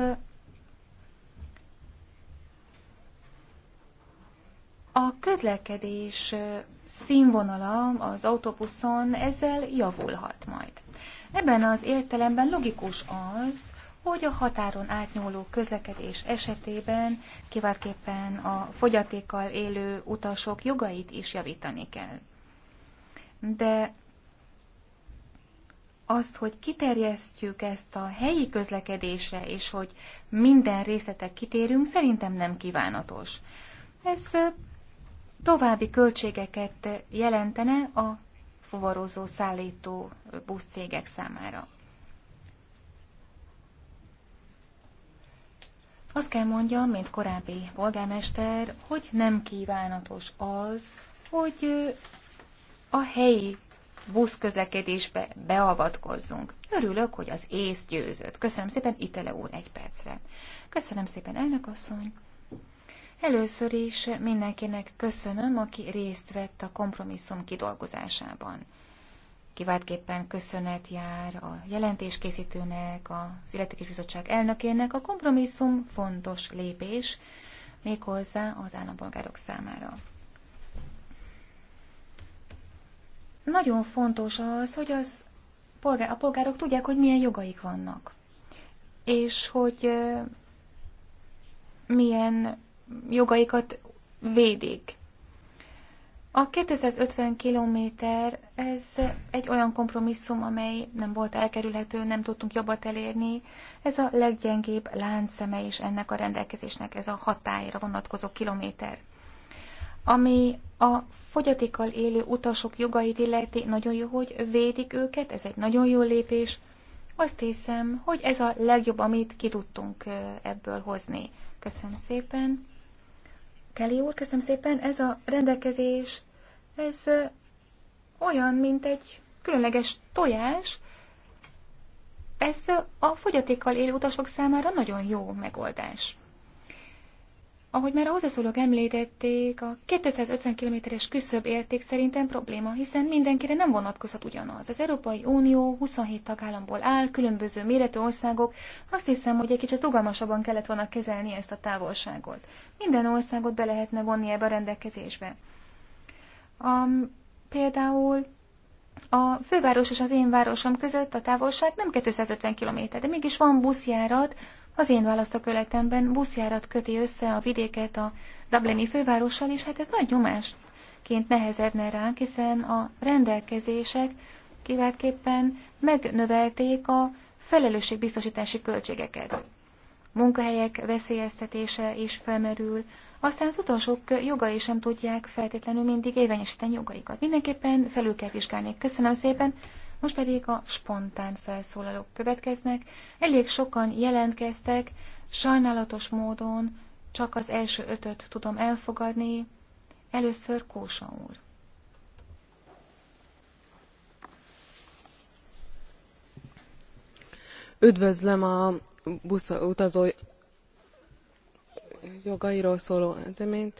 A közlekedés színvonala az autóbuszon ezzel javulhat majd. Ebben az értelemben logikus az, hogy a határon átnyúló közlekedés esetében kiváltképpen a fogyatékkal élő utasok jogait is javítani kell. De azt, hogy kiterjesztjük ezt a helyi közlekedésre, és hogy minden részletek kitérünk, szerintem nem kívánatos. Ez további költségeket jelentene a fuvarozó szállító buszcégek számára. Azt kell mondjam, mint korábbi polgármester, hogy nem kívánatos az, hogy a helyi buszközlekedésbe beavatkozzunk. Örülök, hogy az ész győzött. Köszönöm szépen, Itele úr, egy percre. Köszönöm szépen, elnök asszony. Először is mindenkinek köszönöm, aki részt vett a kompromisszum kidolgozásában. Kiváltképpen köszönet jár a jelentéskészítőnek, az illetékes bizottság elnökének. A kompromisszum fontos lépés, méghozzá az állampolgárok számára. Nagyon fontos az, hogy az polgár, a polgárok tudják, hogy milyen jogaik vannak, és hogy milyen jogaikat védik. A 250 kilométer, ez egy olyan kompromisszum, amely nem volt elkerülhető, nem tudtunk jobbat elérni. Ez a leggyengébb láncszeme is ennek a rendelkezésnek, ez a hatályra vonatkozó kilométer. Ami a fogyatékkal élő utasok jogait illeti, nagyon jó, hogy védik őket, ez egy nagyon jó lépés. Azt hiszem, hogy ez a legjobb, amit ki tudtunk ebből hozni. Köszönöm szépen. Kelly úr, köszönöm szépen. Ez a rendelkezés, ez olyan, mint egy különleges tojás. Ez a fogyatékkal élő utasok számára nagyon jó megoldás. Ahogy már a hozzászólók említették, a 250 km-es küszöb érték szerintem probléma, hiszen mindenkire nem vonatkozhat ugyanaz. Az Európai Unió 27 tagállamból áll, különböző méretű országok, azt hiszem, hogy egy kicsit rugalmasabban kellett volna kezelni ezt a távolságot. Minden országot be lehetne vonni ebbe a rendelkezésbe. A például a főváros és az én városom között a távolság nem 250 km, de mégis van buszjárat, az én választókörletemben buszjárat köti össze a vidéket a Dublini fővárossal, és hát ez nagy nyomásként nehezedne ránk, hiszen a rendelkezések kiváltképpen megnövelték a felelősségbiztosítási költségeket. Munkahelyek veszélyeztetése is felmerül, aztán az utolsók jogai sem tudják feltétlenül mindig érvényesíteni jogaikat. Mindenképpen felül kell vizsgálni. Köszönöm szépen! Most pedig a spontán felszólalók következnek. Elég sokan jelentkeztek, sajnálatos módon csak az első ötöt tudom elfogadni. Először Kósa úr. Üdvözlöm a busz utazó jogairól szóló eseményt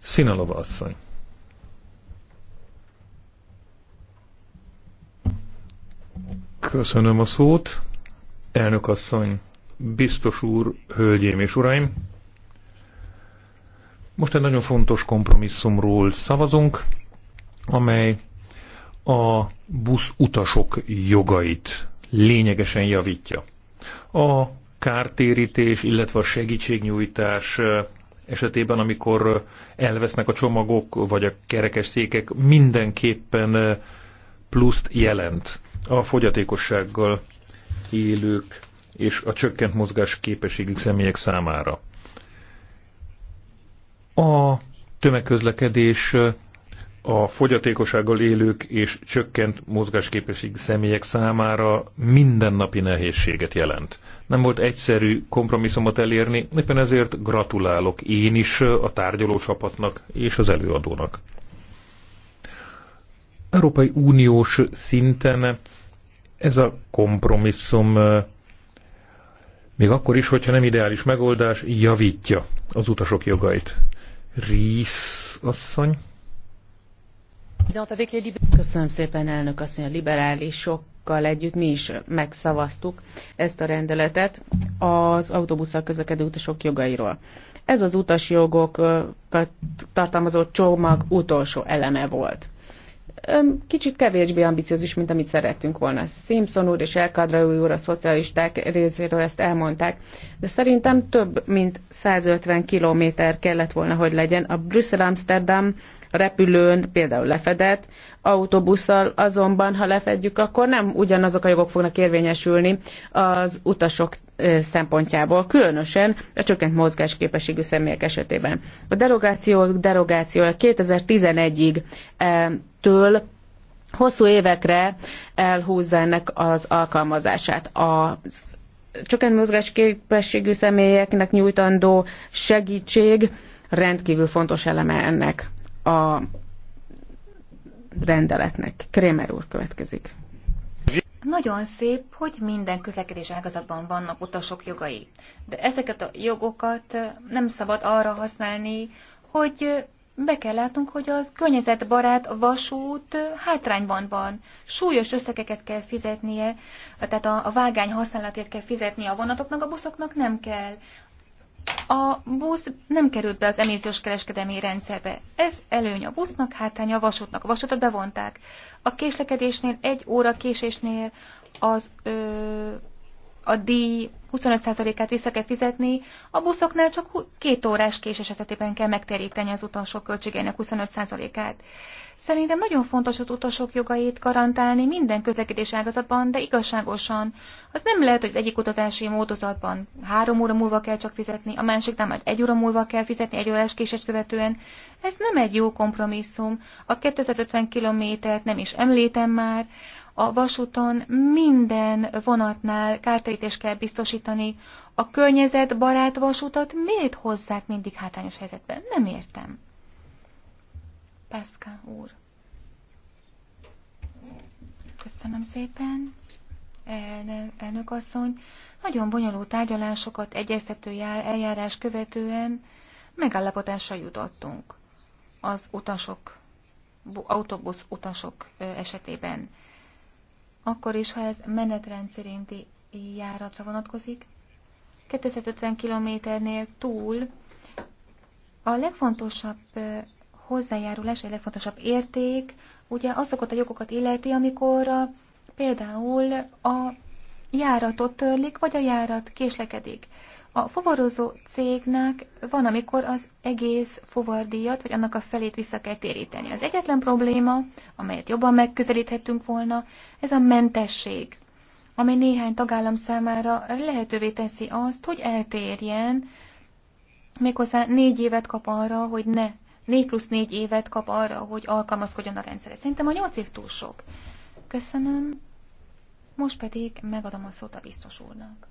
Szinalova asszony. Köszönöm a szót. Elnök asszony, biztos úr, hölgyeim és uraim. Most egy nagyon fontos kompromisszumról szavazunk, amely a busz utasok jogait lényegesen javítja. A kártérítés, illetve a segítségnyújtás esetében, amikor elvesznek a csomagok, vagy a kerekes székek, mindenképpen eh, pluszt jelent a fogyatékossággal élők és a csökkent mozgás képességű személyek számára. A tömegközlekedés eh, a fogyatékossággal élők és csökkent mozgásképességű személyek számára mindennapi nehézséget jelent. Nem volt egyszerű kompromisszumot elérni, éppen ezért gratulálok én is a tárgyaló csapatnak és az előadónak. Európai Uniós szinten ez a kompromisszum eh, még akkor is, hogyha nem ideális megoldás, javítja az utasok jogait. Rísz asszony. Köszönöm szépen, elnök asszony, a liberálisok kollégákkal együtt mi is megszavaztuk ezt a rendeletet az autóbusszal közlekedő utasok jogairól. Ez az utasjogokat tartalmazó csomag utolsó eleme volt. Kicsit kevésbé ambiciózus, mint amit szerettünk volna. Simpson úr és Elkadra úr a szocialisták részéről ezt elmondták, de szerintem több mint 150 kilométer kellett volna, hogy legyen a Brüsszel-Amsterdam repülőn például lefedett, autóbusszal azonban, ha lefedjük, akkor nem ugyanazok a jogok fognak érvényesülni az utasok szempontjából, különösen a csökkent mozgásképességű személyek esetében. A derogáció derogációja 2011-ig től hosszú évekre elhúzza ennek az alkalmazását. A csökkent mozgásképességű személyeknek nyújtandó segítség rendkívül fontos eleme ennek a rendeletnek. Krémer úr következik. Nagyon szép, hogy minden közlekedés ágazatban vannak utasok jogai, de ezeket a jogokat nem szabad arra használni, hogy be kell látnunk, hogy az környezetbarát vasút hátrányban van. Súlyos összegeket kell fizetnie, tehát a, a vágány használatért kell fizetnie a vonatoknak, a buszoknak nem kell a busz nem került be az emíziós kereskedelmi rendszerbe. Ez előny a busznak, hátránya a vasútnak. A vasútot bevonták. A késlekedésnél, egy óra késésnél az ö, a díj 25%-át vissza kell fizetni, a buszoknál csak két órás késés esetében kell megtéríteni az utasok költségeinek 25%-át. Szerintem nagyon fontos az utasok jogait garantálni minden közlekedés ágazatban, de igazságosan. Az nem lehet, hogy az egyik utazási módozatban három óra múlva kell csak fizetni, a másiknál majd egy óra múlva kell fizetni, egy órás késést követően. Ez nem egy jó kompromisszum. A 250 kilométert nem is említem már a vasúton minden vonatnál kártérítést kell biztosítani. A környezetbarát vasutat miért hozzák mindig hátrányos helyzetben? Nem értem. Pászka úr. Köszönöm szépen, elnök, elnök asszony. Nagyon bonyolult tárgyalásokat egyeztető eljárás követően megállapodásra jutottunk az utasok, autóbusz utasok esetében akkor is, ha ez menetrend szerinti járatra vonatkozik. 250 kilométernél túl a legfontosabb hozzájárulás, a legfontosabb érték, ugye azokat a jogokat illeti, amikor a, például a járatot törlik, vagy a járat késlekedik. A fuvarozó cégnek van, amikor az egész fuvardíjat, vagy annak a felét vissza kell téríteni. Az egyetlen probléma, amelyet jobban megközelíthetünk volna, ez a mentesség, amely néhány tagállam számára lehetővé teszi azt, hogy eltérjen, méghozzá négy évet kap arra, hogy ne négy plusz négy évet kap arra, hogy alkalmazkodjon a rendszerre. Szerintem a nyolc év túl sok. Köszönöm. Most pedig megadom a szót a biztos úrnak.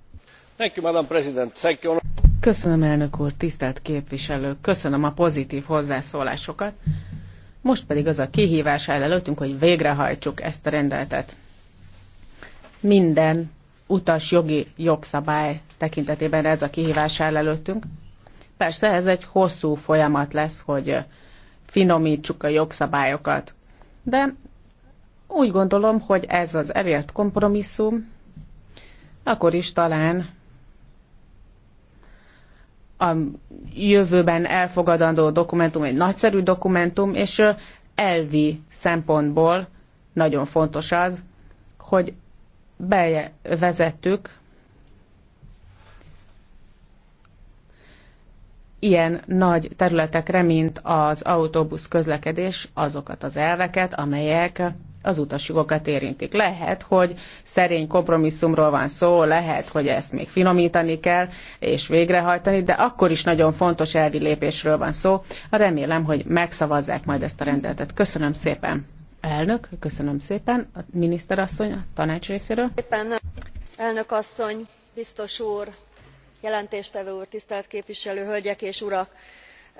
Köszönöm, elnök úr, tisztelt képviselők, köszönöm a pozitív hozzászólásokat. Most pedig az a kihívás áll előttünk, hogy végrehajtsuk ezt a rendeletet. Minden utas jogi jogszabály tekintetében ez a kihívás áll előttünk. Persze ez egy hosszú folyamat lesz, hogy finomítsuk a jogszabályokat. De úgy gondolom, hogy ez az elért kompromisszum, akkor is talán a jövőben elfogadandó dokumentum egy nagyszerű dokumentum, és elvi szempontból nagyon fontos az, hogy bevezettük ilyen nagy területekre, mint az autóbusz közlekedés, azokat az elveket, amelyek az utasjogokat érintik. Lehet, hogy szerény kompromisszumról van szó, lehet, hogy ezt még finomítani kell és végrehajtani, de akkor is nagyon fontos elvi lépésről van szó. Remélem, hogy megszavazzák majd ezt a rendeletet. Köszönöm szépen. Elnök, köszönöm szépen. A miniszterasszony a tanács részéről. Éppen elnök asszony, biztos úr, jelentéstevő úr, tisztelt képviselő, hölgyek és urak!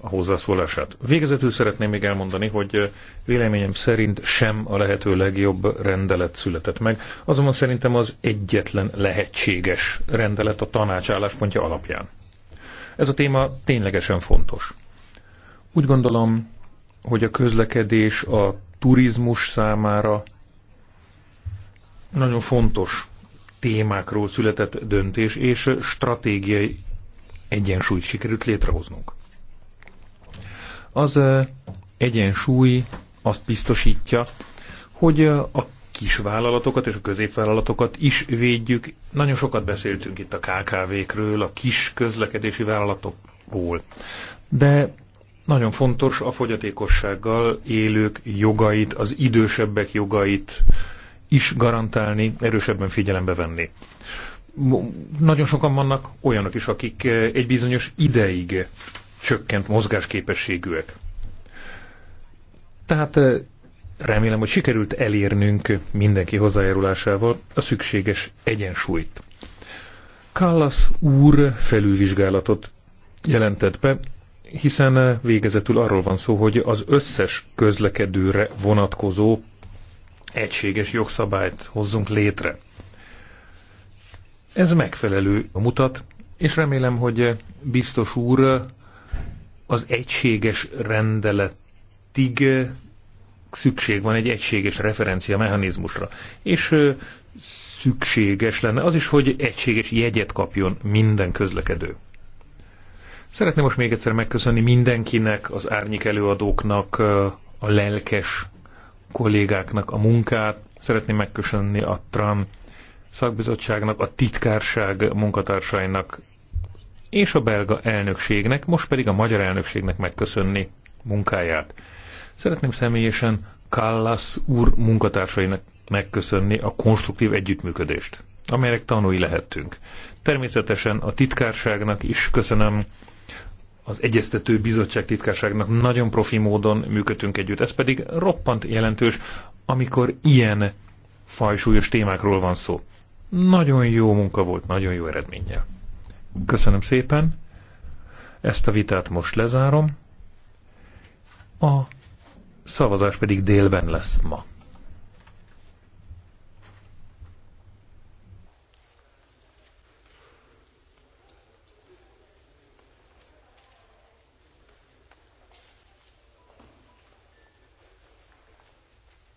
a hozzászólását. Végezetül szeretném még elmondani, hogy véleményem szerint sem a lehető legjobb rendelet született meg, azonban szerintem az egyetlen lehetséges rendelet a tanács álláspontja alapján. Ez a téma ténylegesen fontos. Úgy gondolom, hogy a közlekedés a turizmus számára nagyon fontos témákról született döntés, és stratégiai egyensúlyt sikerült létrehoznunk. Az egyensúly azt biztosítja, hogy a kis vállalatokat és a középvállalatokat is védjük. Nagyon sokat beszéltünk itt a KKV-kről, a kis közlekedési vállalatokról. De nagyon fontos a fogyatékossággal élők jogait, az idősebbek jogait is garantálni, erősebben figyelembe venni. Nagyon sokan vannak olyanok is, akik egy bizonyos ideig csökkent mozgásképességűek. Tehát eh, remélem, hogy sikerült elérnünk mindenki hozzájárulásával a szükséges egyensúlyt. Kallas úr felülvizsgálatot jelentett be, hiszen eh, végezetül arról van szó, hogy az összes közlekedőre vonatkozó egységes jogszabályt hozzunk létre. Ez megfelelő mutat, és remélem, hogy eh, biztos úr az egységes rendeletig szükség van egy egységes referencia mechanizmusra. És szükséges lenne az is, hogy egységes jegyet kapjon minden közlekedő. Szeretném most még egyszer megköszönni mindenkinek, az árnyik előadóknak, a lelkes kollégáknak a munkát. Szeretném megköszönni a TRAN szakbizottságnak, a titkárság munkatársainak és a belga elnökségnek, most pedig a magyar elnökségnek megköszönni munkáját. Szeretném személyesen Kallas úr munkatársainak megköszönni a konstruktív együttműködést, amelyek tanúi lehettünk. Természetesen a titkárságnak is köszönöm, az Egyeztető Bizottság titkárságnak nagyon profi módon működtünk együtt. Ez pedig roppant jelentős, amikor ilyen fajsúlyos témákról van szó. Nagyon jó munka volt, nagyon jó eredménnyel. Köszönöm szépen. Ezt a vitát most lezárom. A szavazás pedig délben lesz ma.